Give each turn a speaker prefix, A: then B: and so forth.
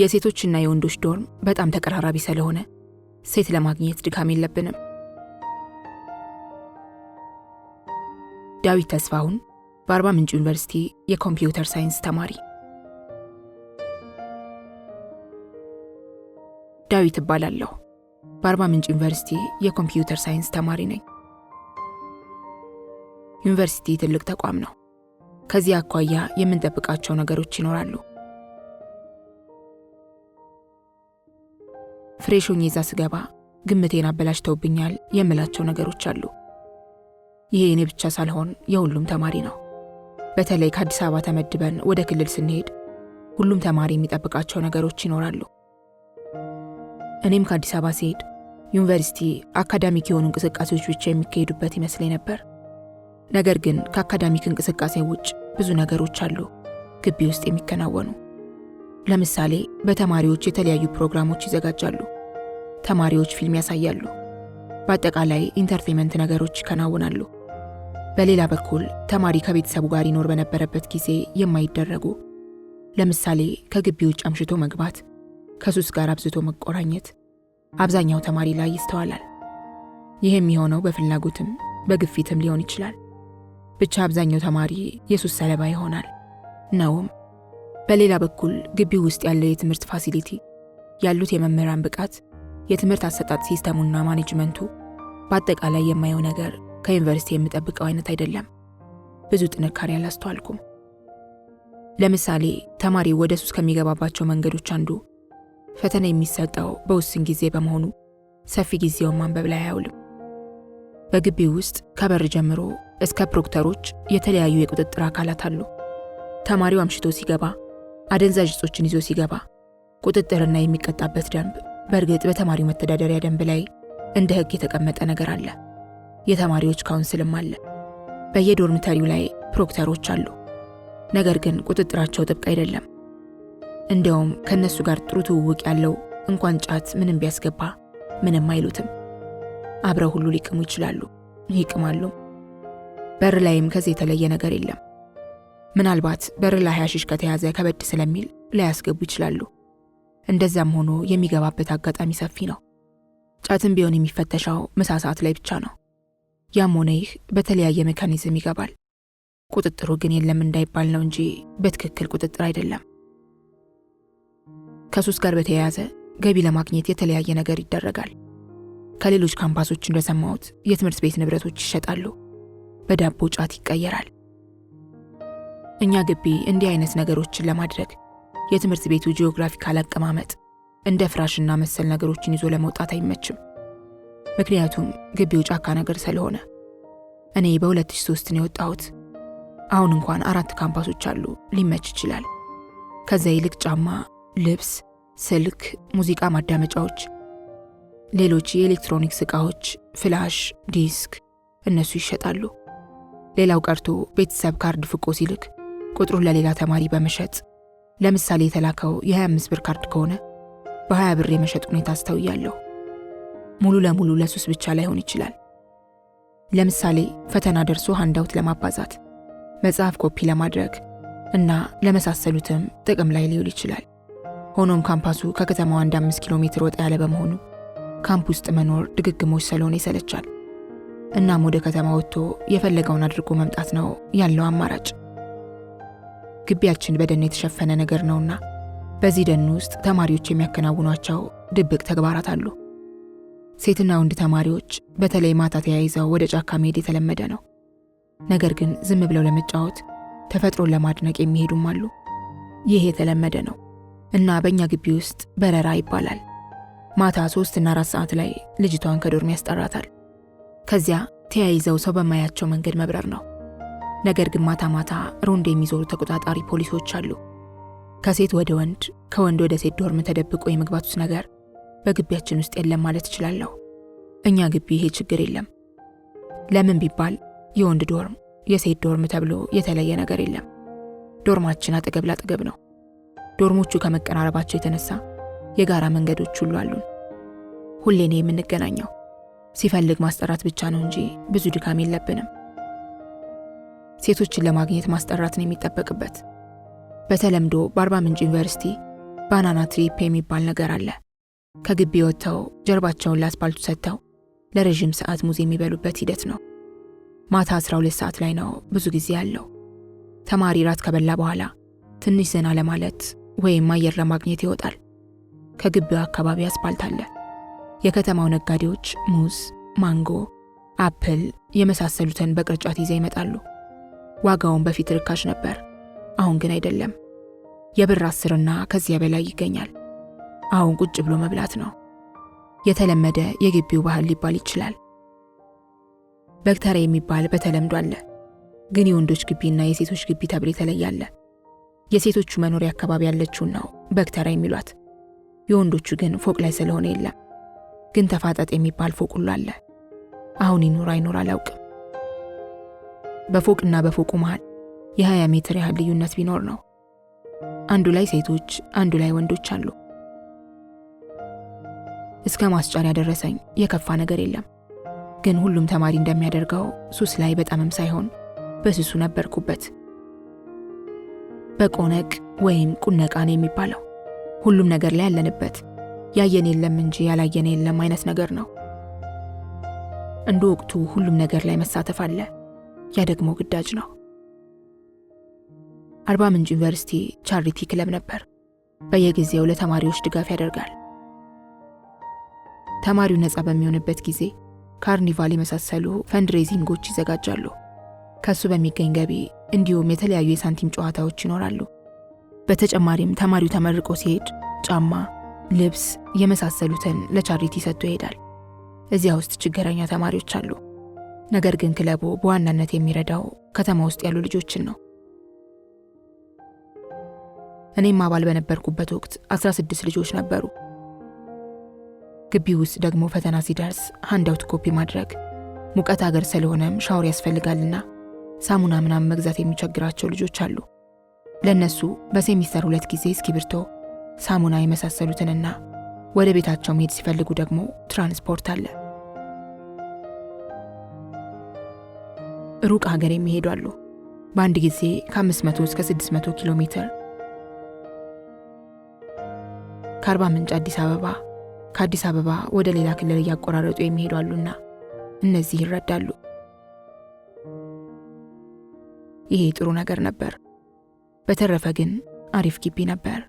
A: የሴቶችና የወንዶች ዶርም በጣም ተቀራራቢ ስለሆነ ሴት ለማግኘት ድካም የለብንም። ዳዊት ተስፋሁን በአርባ ምንጭ ዩኒቨርሲቲ የኮምፒውተር ሳይንስ ተማሪ። ዳዊት እባላለሁ። በአርባ ምንጭ ዩኒቨርሲቲ የኮምፒውተር ሳይንስ ተማሪ ነኝ። ዩኒቨርሲቲ ትልቅ ተቋም ነው። ከዚህ አኳያ የምንጠብቃቸው ነገሮች ይኖራሉ። ፍሬሽ ሆኜ ይዛ ስገባ ግምቴን አበላሽተውብኛል የምላቸው ነገሮች አሉ። ይሄ እኔ ብቻ ሳልሆን የሁሉም ተማሪ ነው። በተለይ ከአዲስ አበባ ተመድበን ወደ ክልል ስንሄድ ሁሉም ተማሪ የሚጠብቃቸው ነገሮች ይኖራሉ። እኔም ከአዲስ አበባ ስሄድ ዩኒቨርሲቲ አካዳሚክ የሆኑ እንቅስቃሴዎች ብቻ የሚካሄዱበት ይመስለኝ ነበር። ነገር ግን ከአካዳሚክ እንቅስቃሴ ውጭ ብዙ ነገሮች አሉ ግቢ ውስጥ የሚከናወኑ። ለምሳሌ በተማሪዎች የተለያዩ ፕሮግራሞች ይዘጋጃሉ። ተማሪዎች ፊልም ያሳያሉ። በአጠቃላይ ኢንተርቴንመንት ነገሮች ይከናወናሉ። በሌላ በኩል ተማሪ ከቤተሰቡ ጋር ይኖር በነበረበት ጊዜ የማይደረጉ ለምሳሌ ከግቢ ውጭ አምሽቶ መግባት፣ ከሱስ ጋር አብዝቶ መቆራኘት አብዛኛው ተማሪ ላይ ይስተዋላል። ይህም የሆነው በፍላጎትም በግፊትም ሊሆን ይችላል። ብቻ አብዛኛው ተማሪ የሱስ ሰለባ ይሆናል ነውም። በሌላ በኩል ግቢው ውስጥ ያለው የትምህርት ፋሲሊቲ፣ ያሉት የመምህራን ብቃት የትምህርት አሰጣጥ ሲስተሙና ማኔጅመንቱ በአጠቃላይ የማየው ነገር ከዩኒቨርሲቲ የምጠብቀው አይነት አይደለም። ብዙ ጥንካሬ አላስተዋልኩም። ለምሳሌ ተማሪ ወደ ሱስ ከሚገባባቸው መንገዶች አንዱ ፈተና የሚሰጠው በውስን ጊዜ በመሆኑ ሰፊ ጊዜውን ማንበብ ላይ አያውልም። በግቢው ውስጥ ከበር ጀምሮ እስከ ፕሮክተሮች የተለያዩ የቁጥጥር አካላት አሉ። ተማሪው አምሽቶ ሲገባ፣ አደንዛዥ እጾችን ይዞ ሲገባ ቁጥጥርና የሚቀጣበት ደንብ በእርግጥ በተማሪው መተዳደሪያ ደንብ ላይ እንደ ህግ የተቀመጠ ነገር አለ። የተማሪዎች ካውንስልም አለ። በየዶርሚተሪው ላይ ፕሮክተሮች አሉ። ነገር ግን ቁጥጥራቸው ጥብቅ አይደለም። እንዲያውም ከእነሱ ጋር ጥሩ ትውውቅ ያለው እንኳን ጫት ምንም ቢያስገባ ምንም አይሉትም። አብረው ሁሉ ሊቅሙ ይችላሉ፣ ይቅማሉ። በር ላይም ከዚህ የተለየ ነገር የለም። ምናልባት በር ላይ ሐሺሽ ከተያዘ ከበድ ስለሚል ላያስገቡ ይችላሉ። እንደዚያም ሆኖ የሚገባበት አጋጣሚ ሰፊ ነው። ጫትም ቢሆን የሚፈተሻው ምሳ ሰዓት ላይ ብቻ ነው። ያም ሆነ ይህ በተለያየ ሜካኒዝም ይገባል። ቁጥጥሩ ግን የለም እንዳይባል ነው እንጂ በትክክል ቁጥጥር አይደለም። ከሱስ ጋር በተያያዘ ገቢ ለማግኘት የተለያየ ነገር ይደረጋል። ከሌሎች ካምፓሶች እንደሰማሁት የትምህርት ቤት ንብረቶች ይሸጣሉ፣ በዳቦ ጫት ይቀየራል። እኛ ግቢ እንዲህ አይነት ነገሮችን ለማድረግ የትምህርት ቤቱ ጂኦግራፊካል አቀማመጥ እንደ ፍራሽና መሰል ነገሮችን ይዞ ለመውጣት አይመችም። ምክንያቱም ግቢው ጫካ ነገር ስለሆነ እኔ በ2003 ነው የወጣሁት። አሁን እንኳን አራት ካምፓሶች አሉ፣ ሊመች ይችላል። ከዛ ይልቅ ጫማ፣ ልብስ፣ ስልክ፣ ሙዚቃ ማዳመጫዎች፣ ሌሎች የኤሌክትሮኒክስ ዕቃዎች፣ ፍላሽ ዲስክ እነሱ ይሸጣሉ። ሌላው ቀርቶ ቤተሰብ ካርድ ፍቆ ሲልክ ቁጥሩን ለሌላ ተማሪ በመሸጥ ለምሳሌ የተላከው የ25 ብር ካርድ ከሆነ በ20 ብር የመሸጥ ሁኔታ አስተውያለሁ። ሙሉ ለሙሉ ለሱስ ብቻ ላይሆን ይችላል። ለምሳሌ ፈተና ደርሶ ሃንዳውት ለማባዛት፣ መጽሐፍ ኮፒ ለማድረግ እና ለመሳሰሉትም ጥቅም ላይ ሊውል ይችላል። ሆኖም ካምፓሱ ከከተማው አንድ አምስት ኪሎ ሜትር ወጣ ያለ በመሆኑ ካምፕ ውስጥ መኖር ድግግሞች ስለሆነ ይሰለቻል። እናም ወደ ከተማ ወጥቶ የፈለገውን አድርጎ መምጣት ነው ያለው አማራጭ። ግቢያችን በደን የተሸፈነ ነገር ነውና በዚህ ደን ውስጥ ተማሪዎች የሚያከናውኗቸው ድብቅ ተግባራት አሉ። ሴትና ወንድ ተማሪዎች በተለይ ማታ ተያይዘው ወደ ጫካ መሄድ የተለመደ ነው። ነገር ግን ዝም ብለው ለመጫወት ተፈጥሮን ለማድነቅ የሚሄዱም አሉ። ይህ የተለመደ ነው እና በእኛ ግቢ ውስጥ በረራ ይባላል። ማታ ሶስት እና አራት ሰዓት ላይ ልጅቷን ከዶርም ያስጠራታል። ከዚያ ተያይዘው ሰው በማያቸው መንገድ መብረር ነው። ነገር ግን ማታ ማታ ሮንድ የሚዞሩ ተቆጣጣሪ ፖሊሶች አሉ። ከሴት ወደ ወንድ፣ ከወንድ ወደ ሴት ዶርም ተደብቆ የመግባቱት ነገር በግቢያችን ውስጥ የለም ማለት እችላለሁ። እኛ ግቢ ይሄ ችግር የለም። ለምን ቢባል የወንድ ዶርም፣ የሴት ዶርም ተብሎ የተለየ ነገር የለም። ዶርማችን አጠገብ ላጠገብ ነው። ዶርሞቹ ከመቀራረባቸው የተነሳ የጋራ መንገዶች ሁሉ አሉን። ሁሌ ነው የምንገናኘው። ሲፈልግ ማስጠራት ብቻ ነው እንጂ ብዙ ድካም የለብንም። ሴቶችን ለማግኘት ማስጠራት ነው የሚጠበቅበት። በተለምዶ በአርባ ምንጭ ዩኒቨርሲቲ ባናና ትሪፕ የሚባል ነገር አለ። ከግቢ ወጥተው ጀርባቸውን ለአስፓልቱ ሰጥተው ለረዥም ሰዓት ሙዝ የሚበሉበት ሂደት ነው። ማታ 12 ሰዓት ላይ ነው ብዙ ጊዜ ያለው። ተማሪ ራት ከበላ በኋላ ትንሽ ዘና ለማለት ወይም አየር ለማግኘት ይወጣል። ከግቢው አካባቢ አስፓልት አለ። የከተማው ነጋዴዎች ሙዝ፣ ማንጎ፣ አፕል የመሳሰሉትን በቅርጫት ይዘው ይመጣሉ። ዋጋውን በፊት ርካሽ ነበር፣ አሁን ግን አይደለም። የብር አስርና ከዚያ በላይ ይገኛል። አሁን ቁጭ ብሎ መብላት ነው የተለመደ የግቢው ባህል ሊባል ይችላል። በግተራ የሚባል በተለምዶ አለ፣ ግን የወንዶች ግቢና የሴቶች ግቢ ተብሎ የተለያለ። የሴቶቹ መኖሪያ አካባቢ ያለችውን ነው በግተራ የሚሏት። የወንዶቹ ግን ፎቅ ላይ ስለሆነ የለም። ግን ተፋጠጥ የሚባል ፎቅ ሁሉ አለ። አሁን ይኑር አይኑር አላውቅም። በፎቅና በፎቁ መሃል የ20 ሜትር ያህል ልዩነት ቢኖር ነው። አንዱ ላይ ሴቶች፣ አንዱ ላይ ወንዶች አሉ። እስከ ማስጫር ያደረሰኝ የከፋ ነገር የለም። ግን ሁሉም ተማሪ እንደሚያደርገው ሱስ ላይ በጣምም ሳይሆን በስሱ ነበርኩበት። በቆነቅ ወይም ቁነቃን የሚባለው ሁሉም ነገር ላይ ያለንበት ያየን የለም እንጂ ያላየን የለም አይነት ነገር ነው። እንደ ወቅቱ ሁሉም ነገር ላይ መሳተፍ አለ። ያ ደግሞ ግዳጅ ነው። አርባ ምንጭ ዩኒቨርሲቲ ቻሪቲ ክለብ ነበር። በየጊዜው ለተማሪዎች ድጋፍ ያደርጋል። ተማሪው ነፃ በሚሆንበት ጊዜ ካርኒቫል የመሳሰሉ ፈንድሬዚንጎች ይዘጋጃሉ። ከሱ በሚገኝ ገቢ እንዲሁም የተለያዩ የሳንቲም ጨዋታዎች ይኖራሉ። በተጨማሪም ተማሪው ተመርቆ ሲሄድ ጫማ፣ ልብስ የመሳሰሉትን ለቻሪቲ ሰጥቶ ይሄዳል። እዚያ ውስጥ ችግረኛ ተማሪዎች አሉ። ነገር ግን ክለቡ በዋናነት የሚረዳው ከተማ ውስጥ ያሉ ልጆችን ነው። እኔም አባል በነበርኩበት ወቅት 16 ልጆች ነበሩ። ግቢ ውስጥ ደግሞ ፈተና ሲደርስ ሃንዳውት ኮፒ ማድረግ፣ ሙቀት ሀገር ስለሆነም ሻወር ያስፈልጋልና ሳሙና ምናምን መግዛት የሚቸግራቸው ልጆች አሉ። ለእነሱ በሴሚስተር ሁለት ጊዜ እስክሪብቶ፣ ሳሙና የመሳሰሉትንና ወደ ቤታቸው መሄድ ሲፈልጉ ደግሞ ትራንስፖርት አለ። ሩቅ ሀገር የሚሄዱ አሉ። በአንድ ጊዜ ከ500 እስከ 600 ኪሎ ሜትር ከአርባ ምንጭ አዲስ አበባ፣ ከአዲስ አበባ ወደ ሌላ ክልል እያቆራረጡ የሚሄዱ አሉና እነዚህ ይረዳሉ። ይሄ ጥሩ ነገር ነበር። በተረፈ ግን አሪፍ ግቢ ነበር።